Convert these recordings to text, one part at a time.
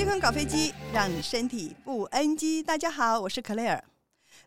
健康搞飛機，讓你身體不 NG。大家好，我是 Claire。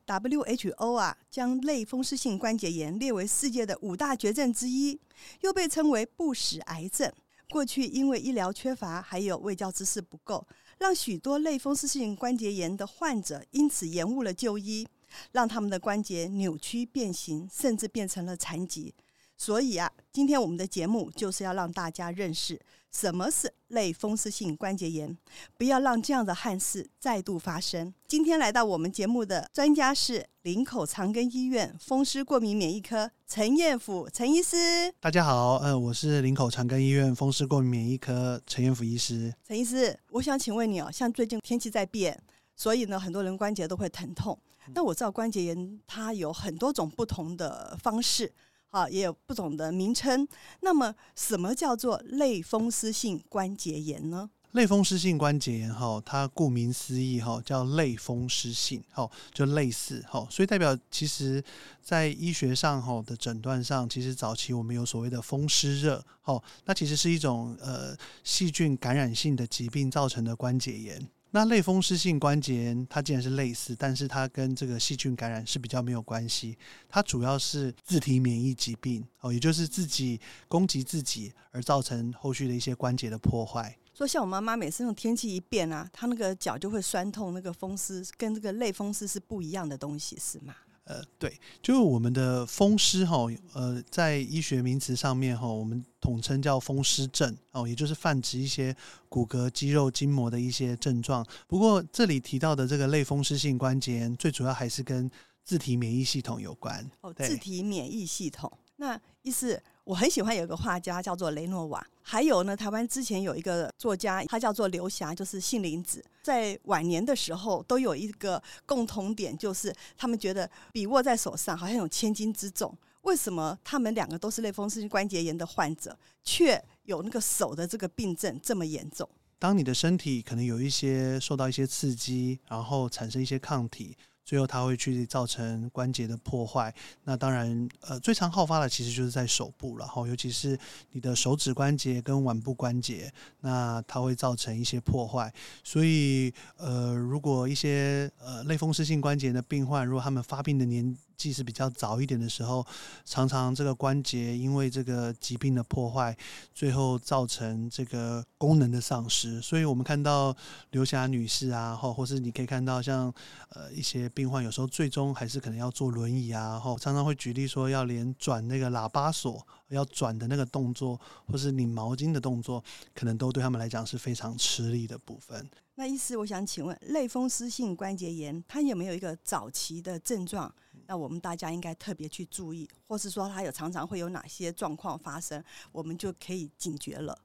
WHO 啊，將類風濕性關節炎列為世界的五大絕症之一，又被稱為不死癌症。過去因為醫療缺乏，還有衛教知識不夠，讓許多類風濕性關節炎的患者因此延誤了就醫，讓他們的關節扭曲變形，甚至變成了殘疾。所以啊，今天我們的節目就是要讓大家認識。什麼是類風濕性關節炎？不要讓這樣的憾事再度發生。今天來到我們節目的專家是林口長庚醫院風濕過敏免疫科陳彥輔陳醫師。大家好，呃，我是林口長庚醫院風濕過敏免疫科陳彥輔醫師。陳醫師，我想請問你哦，像最近天氣在變，所以呢，很多人關節都會疼痛。那、嗯、我知道關節炎它有很多種不同的方式。啊，也有不同的名稱。那麼，什麼叫做類風濕性關節炎呢？類風濕性關節炎，哈，它顧名思義，哈，叫類風濕性，哈，就類似，哈，所以代表其實在醫學上，哈，的診斷上，其實早期我們有所謂的風濕熱，哈，那其實是一種呃細菌感染性的疾病造成的關節炎。那類風濕性關節炎，它既然是類似，但是它跟這個細菌感染是比較沒有關係，它主要是自體免疫疾病哦，也就是自己攻擊自己而造成後續的一些關節的破壞。所以像我媽媽每次那種天氣一變啊，她那個腳就會痠痛。那個風濕跟這個類風濕是不一樣的東西，是嗎？呃，對，就是我們的風濕吼，呃，在醫學名詞上面吼，我們統稱叫風濕症哦，也就是泛指一些骨骼、肌肉、筋膜的一些症狀。不過這裡提到的這個類風濕性關節炎，最主要還是跟自體免疫系統有關哦，對，自體免疫系統，那意思。我很喜歡有一個畫家叫做雷諾瓦，還有呢，台灣之前有一個作家，他叫做劉霞，就是杏林子，在晚年的時候都有一個共同點，就是他們覺得筆握在手上好像有千斤之重。為什麼他們兩個都是類風濕性關節炎的患者，卻有那個手的這個病症這麼嚴重？當你的身體可能有一些受到一些刺激，然後產生一些抗體。最後，它會去造成關節的破壞。那當然，呃，最常好發的其實就是在手部，然後尤其是你的手指關節跟腕部關節，那它會造成一些破壞。所以，呃，如果一些呃類風濕性關節的病患，如果他們發病的年，即使比較早一點的時候，常常這個關節因為這個疾病的破壞，最後造成這個功能的喪失。所以我們看到劉霞女士啊，或或是你可以看到像呃一些病患，有時候最終還是可能要坐輪椅啊，然後常常會舉例說，要連轉那個喇叭鎖，要轉的那個動作，或是擰毛巾的動作，可能都對他們來講是非常吃力的部分。那醫師我想請問，類風濕性關節炎它有沒有一個早期的症狀？那我們大家應該特別去注意，或是說它有常常會有哪些狀況發生，我們就可以警覺了。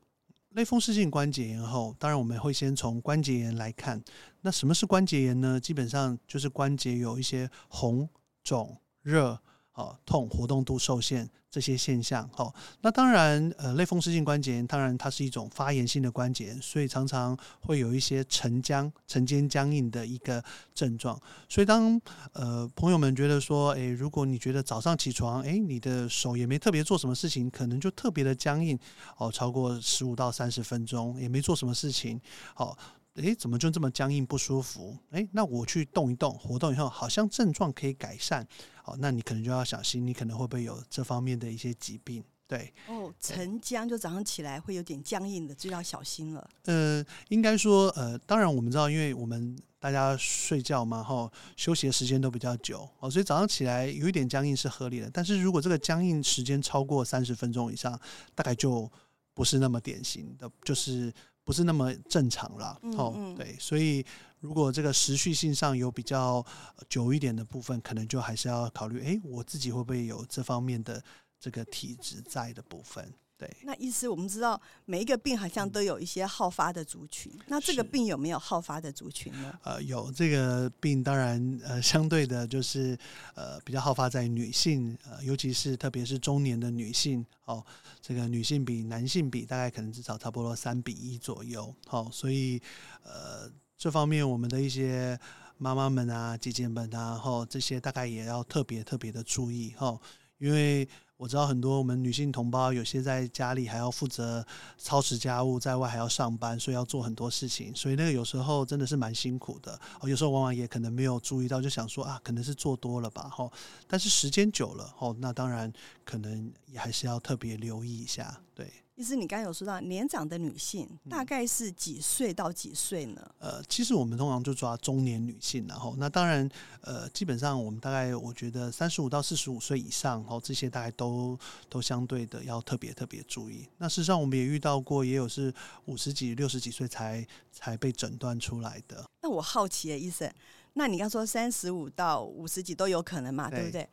類風濕性關節炎後，當然我們會先從關節炎來看。那什麼是關節炎呢？基本上就是關節有一些紅、腫、熱。哦，痛、活動度受限這些現象。哦，那當然，呃，類風濕性關節炎當然，它是一種發炎性的關節炎，所以常常會有一些晨僵、晨間僵硬的一個症狀。所以當呃朋友們覺得說誒，如果你覺得早上起床誒，你的手也沒特別做什麼事情，可能就特別的僵硬，哦，超過十五到三十分鐘也沒做什麼事情，好、哦。哎，怎麼就這麼僵硬不舒服？哎，那我去動一動，活動以後好像症狀可以改善。好，那你可能就要小心，你可能會不會有這方面的一些疾病？對，哦，晨僵就早上起來會有點僵硬的，就要小心了。呃，應該說，呃，當然我們知道，因為我們大家睡覺嘛，哈、哦，休息的時間都比較久，哦，所以早上起來有一點僵硬是合理的。但是如果這個僵硬時間超過三十分鐘以上，大概就不是那麼典型的，就是。不是那麼正常啦，哦，對，所以如果這個持續性上有比較久一點的部分，可能就還是要考慮，誒，我自己會不會有這方面的這個體質在的部分。對，那醫師，我們知道每一個病好像都有一些好發的族群，那這個病有沒有好發的族群呢？呃，有這個病當然呃相對的就是呃比較好發在女性，呃尤其是特別是中年的女性哦，這個女性比男性比大概可能至少差不多三比一左右，哦，所以呃這方面我們的一些媽媽們啊、姐姐們啊，後、哦、這些大概也要特別特別的注意哦，因為。我知道很多我們女性同胞，有些在家裡還要負責操持家務，在外還要上班，所以要做很多事情，所以那個有時候真的是蠻辛苦的。哦，有時候往往也可能沒有注意到，就想說啊，可能是做多了吧，哈。但是時間久了，哦，那當然可能也還是要特別留意一下，對。其實你剛才有說到，年長的女性大概是幾歲到幾歲呢？嗯、呃，其實我們通常就抓中年女性，然後那當然，呃，基本上我們大概我覺得三十五到四十五歲以上，然後這些大概都都相對的要特別特別注意。那事實上我們也遇到過，也有是五十幾、六十幾歲才才被診斷出來的。那我好奇啊，醫生，那你剛說三十五到五十幾都有可能嘛？對，對不對？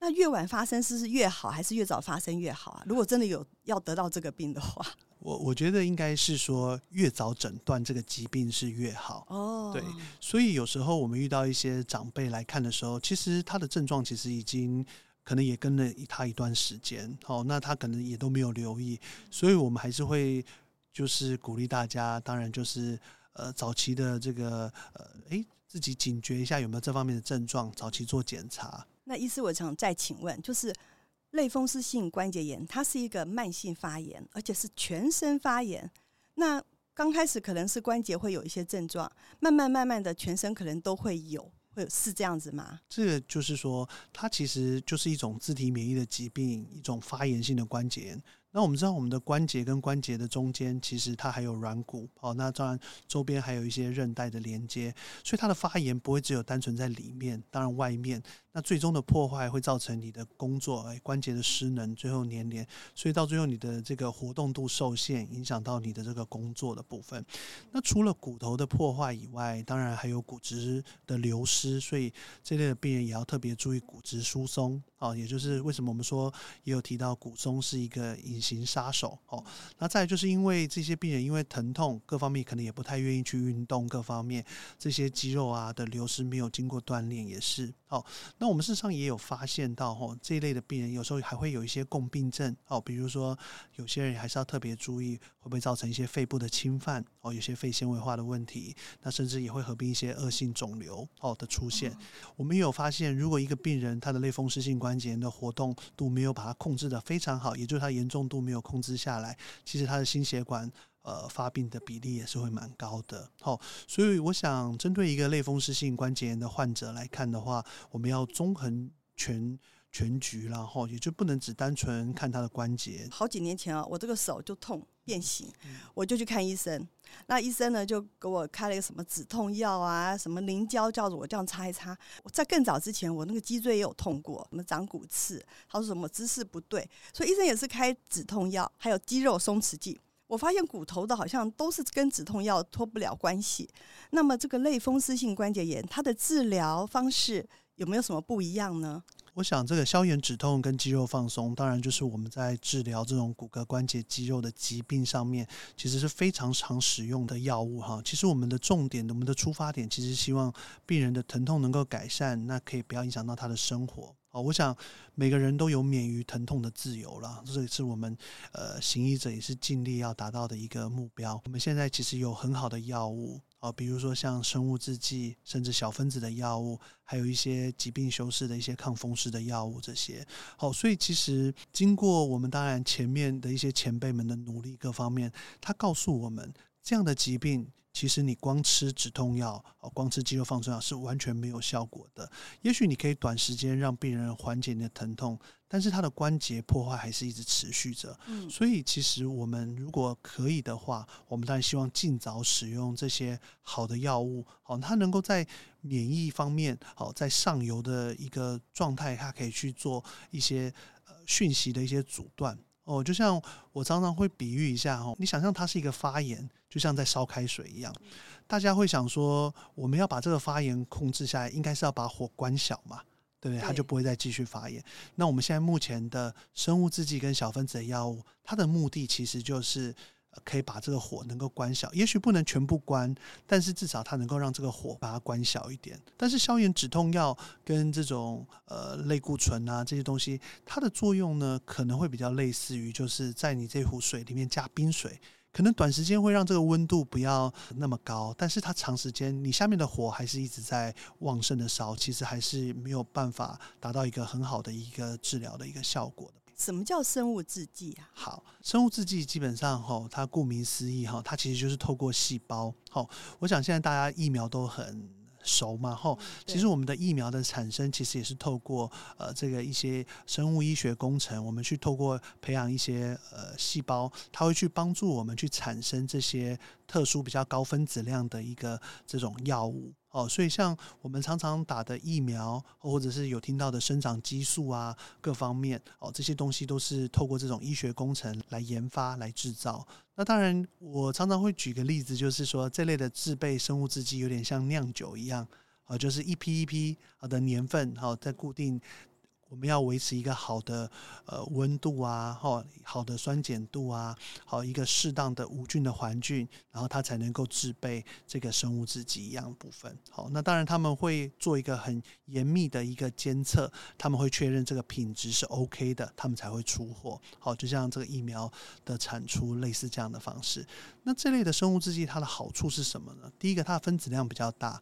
那越晚發生是是越好，還是越早發生越好啊？如果真的有要得到這個病的話，我我覺得應該是說越早診斷這個疾病是越好哦。對，所以有時候我們遇到一些長輩來看的時候，其實他的症狀其實已經可能也跟了一他一段時間哦，那他可能也都沒有留意，所以我們還是會就是鼓勵大家，當然就是呃早期的這個呃誒自己警覺一下有沒有這方面的症狀，早期做檢查。那醫師，我想再請問，就是類風濕性關節炎，它是一個慢性發炎，而且是全身發炎。那剛開始可能是關節會有一些症狀，慢慢慢慢的，全身可能都會有。是這樣子嗎？這個就是說，它其實就是一種自體免疫的疾病，一種發炎性的關節炎。那我們知道，我們的關節跟關節的中間，其實它還有軟骨，哦，那當然周邊還有一些韌帶的連接，所以它的發炎不會只有單純在裡面，當然外面。那最終的破壞會造成你的工作，哎，關節的失能，最後黏連，所以到最後你的這個活動度受限，影響到你的這個工作的部分。那除了骨頭的破壞以外，當然還有骨質的流失。所以這類的病人也要特別注意骨質疏鬆。哦，也就是為什麼我們說也有提到骨鬆是一個隱形殺手哦。那再來就是因為這些病人因為疼痛各方面可能也不太願意去運動，各方面這些肌肉啊的流失沒有經過鍛鍊也是哦。那我們事實上也有發現到哦這一類的病人有時候還會有一些共病症哦，比如說有些人還是要特別注意會不會造成一些肺部的侵犯哦，有些肺纖維化的問題，那甚至也會合併一些惡性腫瘤哦的出現。我們也有發現，如果一個病人他的類風濕性關系關節炎的活動度沒有把它控制得非常好，也就是它嚴重度沒有控制下來，其實它的心血管呃發病的比例也是會蠻高的。好、哦，所以我想針對一個類風濕性關節炎的患者來看的話，我們要綜合全全局啦，然後，哦，也就不能只單純看他的關節。好幾年前啊，我這個手就痛變形、嗯，我就去看醫生。那醫生呢，就給我開了一個什麼止痛藥啊，什麼凝膠，叫着我這樣擦一擦。我在更早之前，我那個脊椎也有痛過，什麼長骨刺，他說什麼姿勢不對，所以醫生也是開止痛藥，還有肌肉鬆弛劑。我發現骨頭的好像都是跟止痛藥脫不了關係。那麼這個類風濕性關節炎，它的治療方式有沒有什麼不一樣呢？我想，這個消炎止痛跟肌肉放鬆，當然就是我們在治療這種骨骼關節肌肉的疾病上面，其實是非常常使用的藥物哈。其實我們的重點，我們的出發點，其實希望病人的疼痛能夠改善，那可以不要影響到他的生活。哦，我想每個人都有免於疼痛的自由了，這也是我們呃行醫者也是盡力要達到的一個目標。我們現在其實有很好的藥物，啊，比如說像生物製劑，甚至小分子的藥物，還有一些疾病修飾的一些抗風濕的藥物，這些。好，所以其實經過我們當然前面的一些前輩們的努力，各方面，他告訴我們這樣的疾病。其實你光吃止痛藥，哦，光吃肌肉放鬆藥是完全沒有效果的。也許你可以短時間讓病人緩解你的疼痛，但是它的關節破壞還是一直持續着。嗯，所以其實我們如果可以的話，我們當然希望儘早使用這些好的藥物，好，它能夠在免疫方面，好，在上游的一個狀態，它可以去做一些呃訊息的一些阻斷。哦，就像我常常會比喻一下哦，你想象，它是一個發炎，就像在燒開水一樣，大家會想說，我們要把這個發炎控制下來，應該是要把火關小嘛，對不對？它就不會再繼續發炎。那我們現在目前的生物製劑跟小分子的藥物，它的目的其實就是。可以把這個火能夠關小，也許不能全部關，但是至少它能夠讓這個火把它關小一點。但是消炎止痛藥跟這種呃類固醇啊這些東西，它的作用呢可能會比較類似於就是在你這壺水裡面加冰水，可能短時間會讓這個溫度不要那麼高，但是它長時間你下面的火還是一直在旺盛的燒，其實還是沒有辦法達到一個很好的一個治療的一個效果的。什麼叫生物製劑啊？好，生物製劑基本上吼、哦，它顧名思義哈，它其實就是透過細胞吼、哦，我想現在大家疫苗都很熟嘛吼、哦嗯，其實我們的疫苗的產生，其實也是透過呃這個一些生物醫學工程，我們去透過培養一些呃細胞，它會去幫助我們去產生這些特殊比較高分子量的一個這種藥物。哦，所以像我們常常打的疫苗，或者是有聽到的生長激素啊，各方面哦，這些東西都是透過這種醫學工程來研發、來製造。那當然，我常常會舉個例子，就是說，這類的製備生物製劑有點像釀酒一樣，啊、哦，就是一批一批啊的年份，好、哦、在固定。我們要維持一個好的呃溫度啊，好好的酸鹼度啊，好一個適當的無菌的環境，然後它才能夠制備這個生物製劑一樣的部分。好，那當然他們會做一個很嚴密的一個監測，他們會確認這個品質是 OK 的，他們才會出貨。好，就像這個疫苗的產出類似這樣的方式。那這類的生物製劑它的好處是什麼呢？第一個，它的分子量比較大。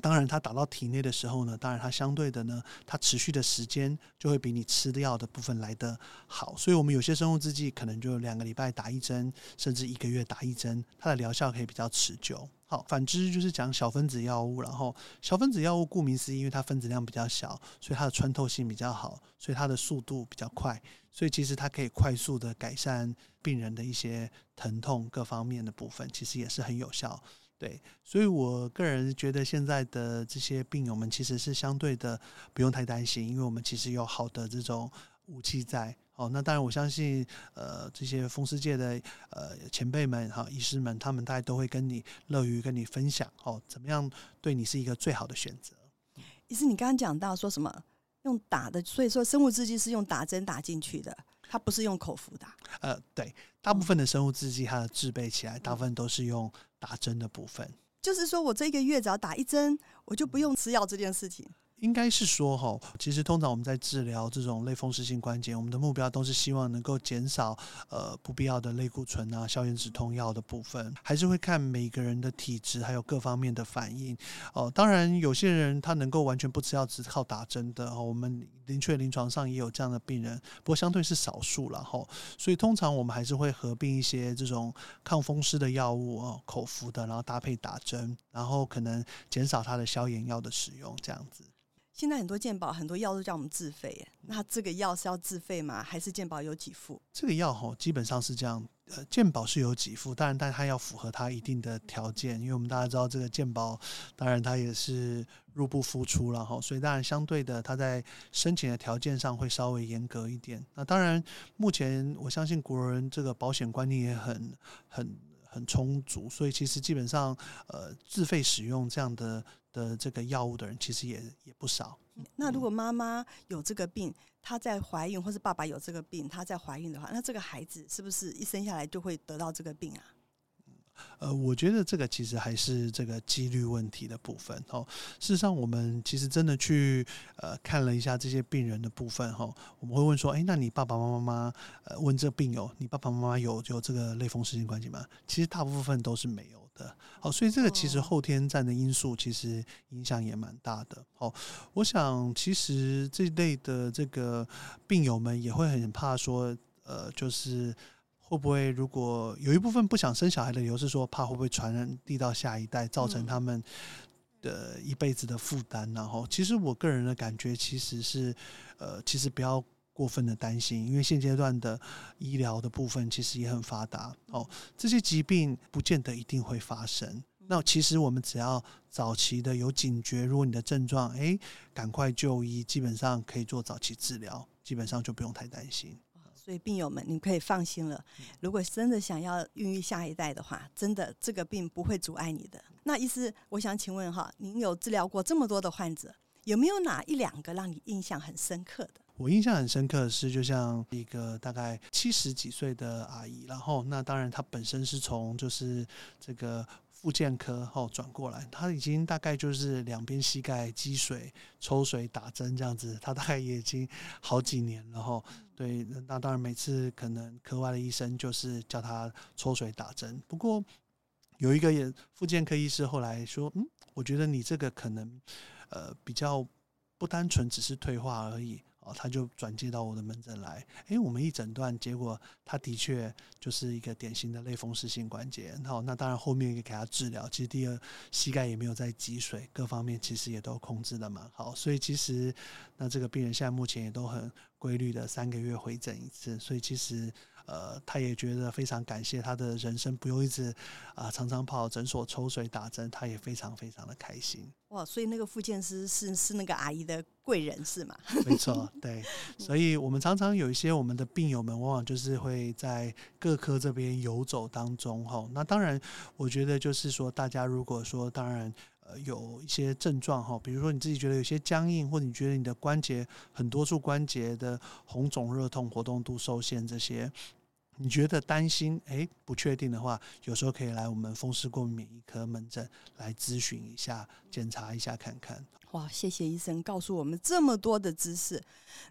當然，它打到體內的時候呢，當然它相對的呢，它持續的時間就會比你吃的藥的部分來得好。所以，我們有些生物制劑可能就兩個禮拜打一針，甚至一個月打一針，它的療效可以比較持久。好，反之就是講小分子藥物。然後，小分子藥物顧名思義，因為它分子量比較小，所以它的穿透性比較好，所以它的速度比較快。所以，其實它可以快速地改善病人的一些疼痛各方面的部分，其實也是很有效。對，所以我個人覺得現在的這些病友們其實是相對的不用太擔心，因為我們其實有好的這種武器在。哦，那當然我相信，呃，這些風濕界的呃前輩們哈、哦、醫師們，他們大概都會跟你樂於跟你分享哦，怎麼樣對你是一個最好的選擇。醫師，你剛剛講到說什麼用打的，所以說生物制劑是用打針打進去的。它不是用口服的，呃，對，大部分的生物製劑，它的製備起來，大部分都是用打針的部分。嗯，就是說我這個月只要打一針，我就不用吃藥這件事情？應該是說哈，其實通常我們在治療這種類風濕性關節，我們的目標都是希望能夠減少呃不必要的類固醇啊、消炎止痛藥的部分，還是會看每個人的體質還有各方面的反應哦。當然，有些人他能夠完全不吃藥，只靠打針的，哦、我們的確臨床上也有這樣的病人，不過相對是少數了哈、哦。所以通常我們還是會合併一些這種抗風濕的藥物哦，口服的，然後搭配打針，然後可能減少它的消炎藥的使用這樣子。現在很多健保很多藥都叫我們自費，耶，那這個藥是要自費嗎？還是健保有給付？這個藥吼基本上是這樣，呃，健保是有給付，當然，但它要符合它一定的條件，因為我們大家知道這個健保，當然它也是入不敷出了吼，所以當然相對的，它在申請的條件上會稍微嚴格一點。那當然，目前我相信國人這個保險觀念也很很。很充足，所以其實基本上，呃，自費使用這樣的的這個藥物的人，其實也也不少，嗯。那如果媽媽有這個病，她在懷孕，或是爸爸有這個病，她在懷孕的話，那這個孩子是不是一生下來就會得到這個病啊？呃，我覺得這個其實還是這個幾率問題的部分哦。事實上，我們其實真的去呃看了一下這些病人的部分哈、哦，我們會問說，誒，那你爸爸媽媽，媽呃問這個病友，你爸爸媽媽有有這個類風濕性關節炎嗎？其實大部分都是沒有的。好、哦，所以這個其實後天占的因素其實影響也蠻大的。哦，我想其實這一類的這個病友們也會很怕說，呃，就是。會不會如果有一部分不想生小孩的，理由是說怕會不會傳染遞到下一代，造成他們的一輩子的負擔？然後，其實我個人的感覺其實是，呃，其實不要過分的擔心，因為現階段的醫療的部分其實也很發達哦，這些疾病不見得一定會發生。那其實我們只要早期的有警覺，如果你的症狀，哎，趕快就醫，基本上可以做早期治療，基本上就不用太擔心。所以病友們，你可以放心了。如果真的想要孕育下一代的話，真的這個病不會阻礙你的。那醫師，我想請問哈，您有治療過這麼多的患者，有沒有哪一兩個讓你印象很深刻的？我印象很深刻的是，就像一個大概七十幾歲的阿姨，然後那當然她本身是從就是這個。復健科後轉、哦、過來，他已經大概就是兩邊膝蓋積水、抽水、打針這樣子，他大概也已經好幾年了哈、哦。對，那當然每次可能科外的醫生就是叫他抽水打針，不過有一個也復健科醫師後來說，嗯，我覺得你這個可能呃比較不單純只是退化而已。哦，他就轉接到我的門診來，哎、欸，我們一診斷結果，他的確就是一個典型的類風濕性關節炎。好，那當然後面也給他治療，其實第二膝蓋也沒有在積水，各方面其實也都控制的蠻好，所以其實那這個病人現在目前也都很規律的三個月回診一次，所以其實。呃，他也覺得非常感謝，他的人生不用一直啊、呃、常常跑診所抽水打針，他也非常非常的開心。哇，所以那個復健師是是，是那個阿姨的貴人是嗎？ 沒錯，對，所以我們常常有一些我們的病友們，往往就是會在各科這邊游走當中哈。那當然，我覺得就是說，大家如果說當然。有一些症狀哈，比如說你自己覺得有些僵硬，或者你覺得你的關節很多處關節的紅腫熱痛、活動度受限這些，你覺得擔心誒，不確定的話，有時候可以來我們風濕過敏科門診來諮詢一下、檢查一下看看。哇，謝謝醫生告訴我們這麼多的知識。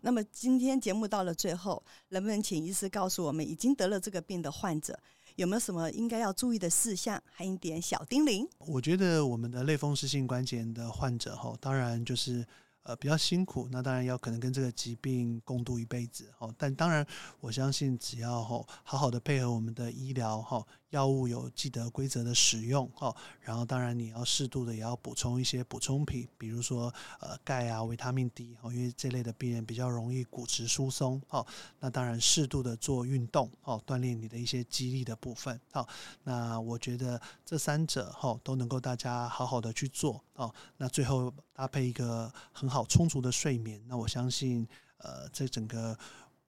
那麼今天節目到了最後，能不能請醫師告訴我們，已經得了這個病的患者，有沒有什麼應該要注意的事項，還有一點小叮嚀？我覺得我們的類風濕性關節炎的患者哈，當然就是呃，比較辛苦，那當然要可能跟這個疾病共度一輩子哦。但當然，我相信只要吼好好的配合我們的醫療吼。藥物有記得規則的使用哦，然後當然你要適度的也要補充一些補充品，比如說呃鈣啊、維他命 D 哦，因為這類的病人比較容易骨質疏鬆哦。那當然適度的做運動哦，鍛鍊你的一些肌力的部分哦。那我覺得這三者哈哦都能夠大家好好的去做哦。那最後搭配一個很好充足的睡眠，那我相信呃這整個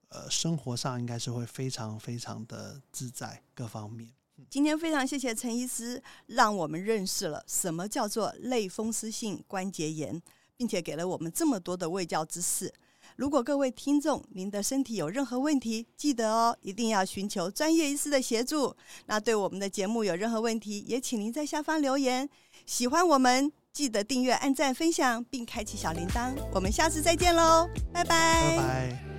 呃生活上應該是會非常非常的自在各方面。今天非常謝謝陳醫師，讓我們認識了什麼叫做類風濕性關節炎，並且給了我們這麼多的衛教知識。如果各位聽眾您的身體有任何問題，記得哦，一定要尋求專業醫師的協助。那對我們的節目有任何問題，也請您在下方留言。喜歡我們，記得訂閱、按讚、分享，並開啟小鈴鐺。我們下次再見嘍，拜拜。拜拜。